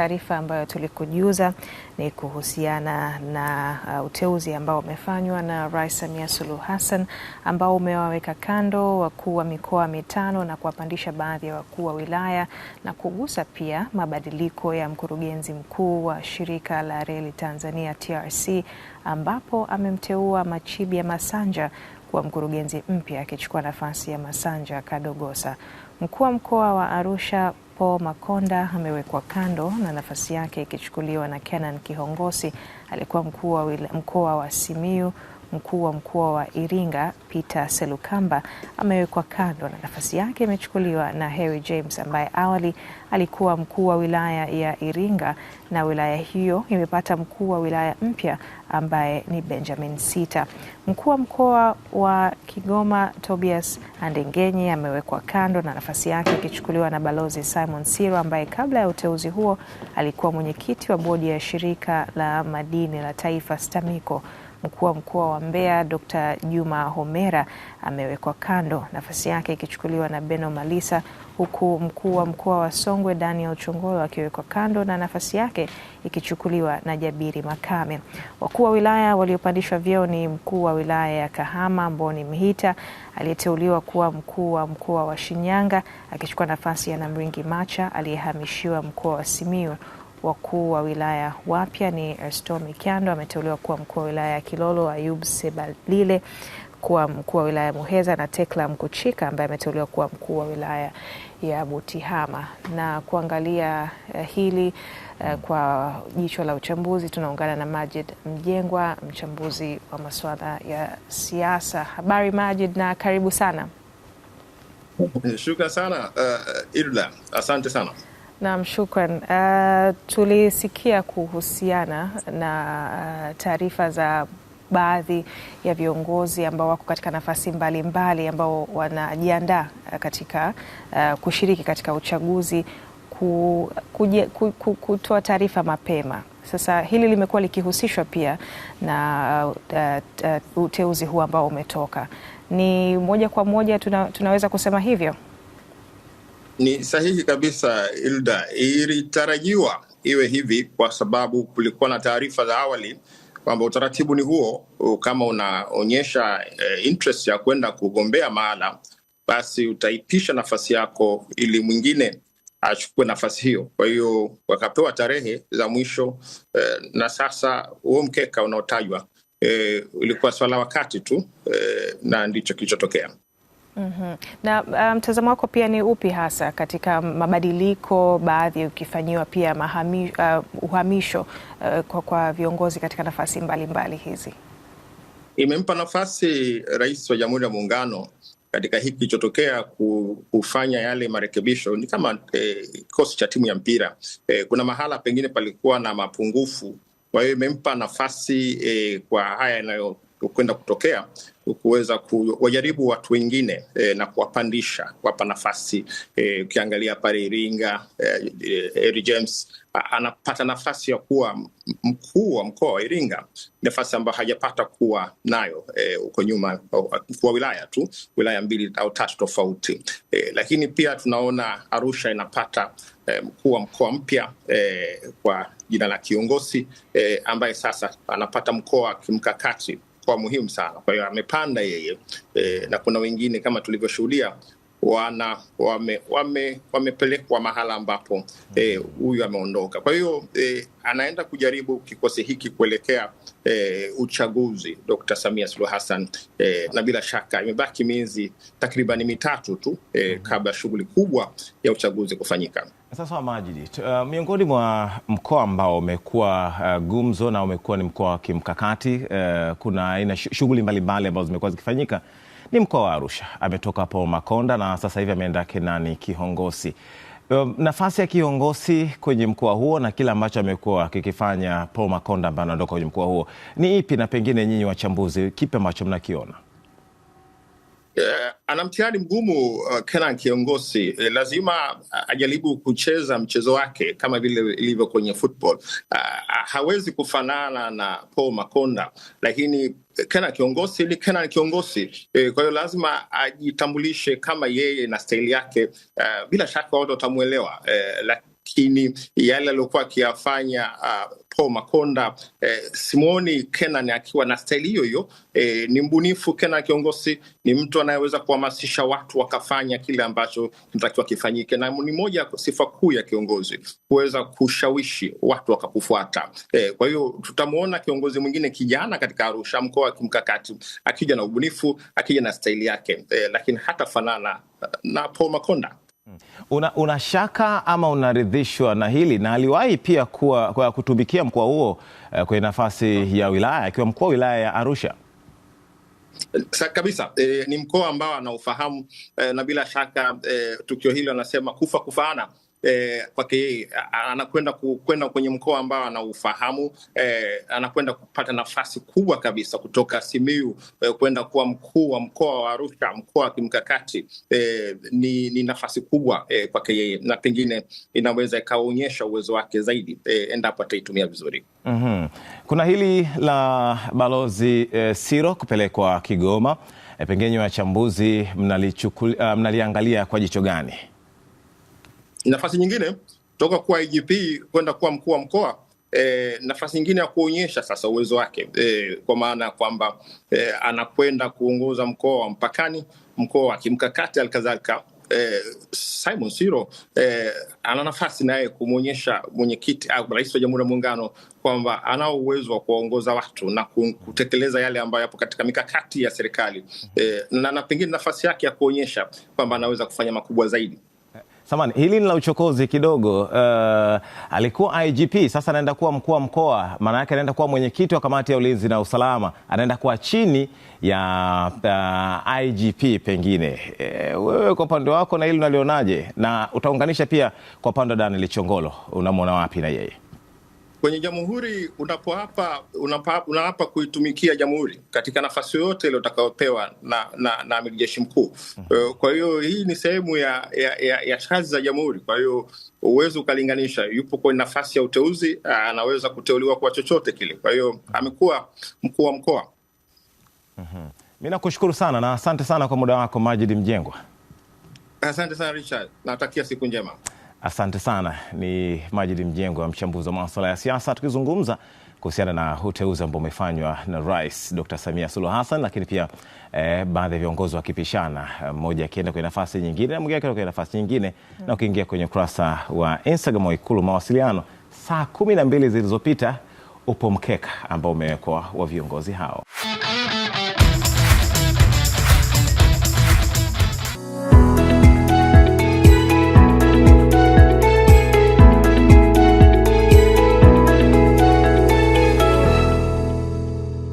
Taarifa ambayo tulikujuza ni kuhusiana na uh, uteuzi ambao umefanywa na Rais Samia Suluhu Hassan ambao umewaweka kando wakuu wa mikoa mitano na kuwapandisha baadhi ya wakuu wa wilaya na kugusa pia mabadiliko ya mkurugenzi mkuu wa shirika la reli Tanzania TRC, ambapo amemteua Machibia Masanja kuwa mkurugenzi mpya akichukua nafasi ya Masanja Kadogosa. Mkuu wa mkoa wa Arusha ambapo Makonda amewekwa kando na nafasi yake ikichukuliwa na Kenan Kihongosi aliyekuwa mkuu wa mkoa wa Simiyu Mkuu wa mkoa wa Iringa Peter Selukamba amewekwa kando na nafasi yake imechukuliwa na Harry James ambaye awali alikuwa mkuu wa wilaya ya Iringa, na wilaya hiyo imepata mkuu wa wilaya mpya ambaye ni Benjamin Sita. Mkuu wa mkoa wa Kigoma Tobias Andengenye amewekwa kando na nafasi yake ikichukuliwa na Balozi Simon Siro ambaye kabla ya uteuzi huo alikuwa mwenyekiti wa bodi ya shirika la madini la taifa STAMICO. Mkuu wa mkoa wa Mbeya Dr. Juma Homera amewekwa kando, nafasi yake ikichukuliwa na Beno Malisa, huku mkuu wa mkoa wa Songwe Daniel Chongolo akiwekwa kando na nafasi yake ikichukuliwa na Jabiri Makame. Wakuu wa wilaya waliopandishwa vyeo ni mkuu wa wilaya ya Kahama Mboni Mhita aliyeteuliwa kuwa mkuu wa mkoa wa Shinyanga akichukua nafasi ya Namringi Macha aliyehamishiwa mkoa wa Simiyu Wakuu wa wilaya wapya ni Ernesto Mikyando ameteuliwa kuwa mkuu wa wilaya ya Kilolo, Ayub Sebalile kuwa mkuu wa wilaya ya Muheza na Tekla Mkuchika ambaye ameteuliwa kuwa mkuu wa wilaya ya Butihama. Na kuangalia eh, hili eh, kwa jicho la uchambuzi, tunaungana na Majid Mjengwa, mchambuzi wa masuala ya siasa. Habari Majid na karibu sana. Eh, Shukran sana uh, asante sana. Naam, shukran. Uh, tulisikia kuhusiana na eh, taarifa za baadhi ya viongozi ambao wako katika nafasi mbalimbali mbali ambao wanajiandaa eh, katika uh, kushiriki katika uchaguzi kutoa taarifa mapema. Sasa hili limekuwa likihusishwa pia na uh, uh, uteuzi huu ambao umetoka, ni moja kwa moja tuna, tunaweza kusema hivyo. Ni sahihi kabisa Ilda, ilitarajiwa iwe hivi kwa sababu kulikuwa na taarifa za awali kwamba utaratibu ni huo. Kama unaonyesha eh, interest ya kwenda kugombea mahala, basi utaipisha nafasi yako ili mwingine achukue nafasi hiyo. Kwa hiyo wakapewa tarehe za mwisho eh, na sasa huo mkeka unaotajwa eh, ulikuwa swala wakati tu eh, na ndicho kilichotokea. Mm -hmm. Na um, mtazamo um, wako pia ni upi hasa katika mabadiliko baadhi ukifanyiwa pia mahami, uh, uhamisho uh, kwa, kwa viongozi katika nafasi mbalimbali mbali hizi? Imempa nafasi Rais wa Jamhuri ya Muungano katika hiki kilichotokea kufanya yale marekebisho ni kama eh, kikosi cha timu ya mpira eh, kuna mahala pengine palikuwa na mapungufu kwa hiyo imempa nafasi eh, kwa haya kwenda kutokea kuweza kuwajaribu watu wengine e, na kuwapandisha kuwapa nafasi e, ukiangalia pale Iringa e, e, James anapata nafasi ya kuwa mkuu wa mkoa wa Iringa, nafasi ambayo hajapata kuwa nayo huko e, nyuma, mkuu wa wilaya tu, wilaya mbili au tatu tofauti e, lakini pia tunaona Arusha inapata e, mkuu wa mkoa mpya e, kwa jina la kiongozi e, ambaye sasa anapata mkoa wa kimkakati kwa muhimu sana. Kwa hiyo amepanda yeye e, na kuna wengine kama tulivyoshuhudia wana wame wame, wamepelekwa mahala ambapo e, huyu e, ameondoka. Kwa hiyo e, anaenda kujaribu kikosi hiki kuelekea e, uchaguzi Dr. Samia Suluhu Hassan e, na bila shaka imebaki miezi takribani mitatu tu e, mm-hmm. kabla shughuli kubwa ya uchaguzi kufanyika. Sasa Majid, uh, miongoni mwa mkoa ambao umekuwa uh, gumzo na umekuwa ni mkoa wa kimkakati uh, kuna aina shughuli mbalimbali ambazo zimekuwa zikifanyika ni mkoa wa Arusha. Ametoka hapo Makonda na sasa hivi ameenda Kenani Kihongosi. Um, nafasi ya kiongozi kwenye mkoa huo na kile ambacho amekuwa akikifanya Paul Makonda ambaye anaondoka kwenye mkoa huo ni ipi, na pengine nyinyi wachambuzi, kipi ambacho mnakiona? Uh, ana mtihani mgumu uh, Kenan kiongozi Uh, lazima uh, ajaribu kucheza mchezo wake kama vile ilivyo kwenye football. Uh, uh hawezi kufanana na Paul Makonda, lakini eh, Kenan kiongozi ni Kenan kiongozi Uh, kwa hiyo lazima ajitambulishe kama yeye na staili yake. Uh, bila shaka watu watamwelewa eh, lakini yale aliyokuwa akiyafanya uh, Paul Makonda eh, simuoni Kenan akiwa na staili hiyo hiyo. Eh, ni mbunifu Kenan kiongozi, ni mtu anayeweza kuhamasisha watu wakafanya kile ambacho kinatakiwa kifanyike, na ni moja sifa kuu ya kiongozi kuweza kushawishi watu wakakufuata. Eh, kwa hiyo tutamwona kiongozi mwingine kijana katika Arusha, mkoa wa kimkakati, akija na ubunifu, akija na staili yake eh, lakini hatafanana eh, na Paul Makonda. Una, una shaka ama unaridhishwa na hili? Na aliwahi pia kuwa, kwa kutumikia mkoa huo uh, kwenye nafasi ya wilaya akiwa mkuu wa wilaya ya Arusha kabisa e, ni mkoa ambao anaufahamu e, eh, na bila shaka e, tukio hili anasema kufa kufaana eh, kwake anakwenda kwenda kwenye mkoa ambao anaufahamu eh, anakwenda kupata nafasi kubwa kabisa kutoka Simiyu eh, kwenda kuwa mkuu wa mkoa wa Arusha, mkoa wa kimkakati eh, ni, ni nafasi kubwa eh, kwake yeye na pengine inaweza ikaonyesha uwezo wake zaidi eh, endapo ataitumia vizuri. mm -hmm. Kuna hili la balozi eh, Siro kupelekwa Kigoma, eh, pengine wachambuzi mnaliangalia uh, mnaliangalia kwa jicho gani? nafasi nyingine toka kuwa IGP kwenda kuwa mkuu wa mkoa E, nafasi nyingine ya kuonyesha sasa uwezo wake e, kwa maana ya kwamba e, anakwenda kuongoza mkoa wa mpakani, mkoa wa kimkakati alikadhalika. E, Simon Siro e, ana nafasi naye kumwonyesha mwenyekiti au rais wa Jamhuri ya Muungano kwamba anao uwezo wa kuwaongoza watu na kutekeleza yale ambayo yapo katika mikakati ya serikali e, na, na pengine nafasi yake ya kuonyesha kwamba anaweza kufanya makubwa zaidi samani hili ni la uchokozi kidogo. Uh, alikuwa IGP sasa anaenda kuwa mkuu wa mkoa, maana yake anaenda kuwa mwenyekiti wa kamati ya ulinzi na usalama, anaenda kuwa chini ya uh, eh, IGP pengine. Uh, wewe kwa upande wako na hili unalionaje, na utaunganisha pia kwa upande wa Daniel Chongolo, unamwona wapi na yeye? kwenye jamhuri unapoapa unaapa kuitumikia jamhuri katika nafasi yoyote ile utakayopewa na, na, na amiri jeshi mkuu. Mhm. Eh, kwa hiyo hii ni sehemu ya, ya, ya, ya kazi za jamhuri. Kwa hiyo uwezi ukalinganisha, yupo kwenye nafasi ya uteuzi, anaweza kuteuliwa kwa chochote kile. Kwa hiyo mhm. amekuwa mkuu wa mkoa. Mhm. Mi nakushukuru sana na asante sana kwa muda wako majidi Mjengwa. Asante sana Richard, natakia siku njema. Asante sana. Ni mjengo Mjengwa, mchambuzi wa masuala ya siasa, tukizungumza kuhusiana na uteuzi ambao umefanywa na Rais Dr. Samia Suluhu Hassan, lakini pia eh, baadhi ya viongozi wakipishana, mmoja akienda kwenye nafasi nyingine na mwingine akienda kwenye nafasi nyingine mm. na ukiingia kwenye ukurasa wa Instagram wa Ikulu mawasiliano, saa kumi na mbili zilizopita upo mkeka ambao umewekwa wa viongozi hao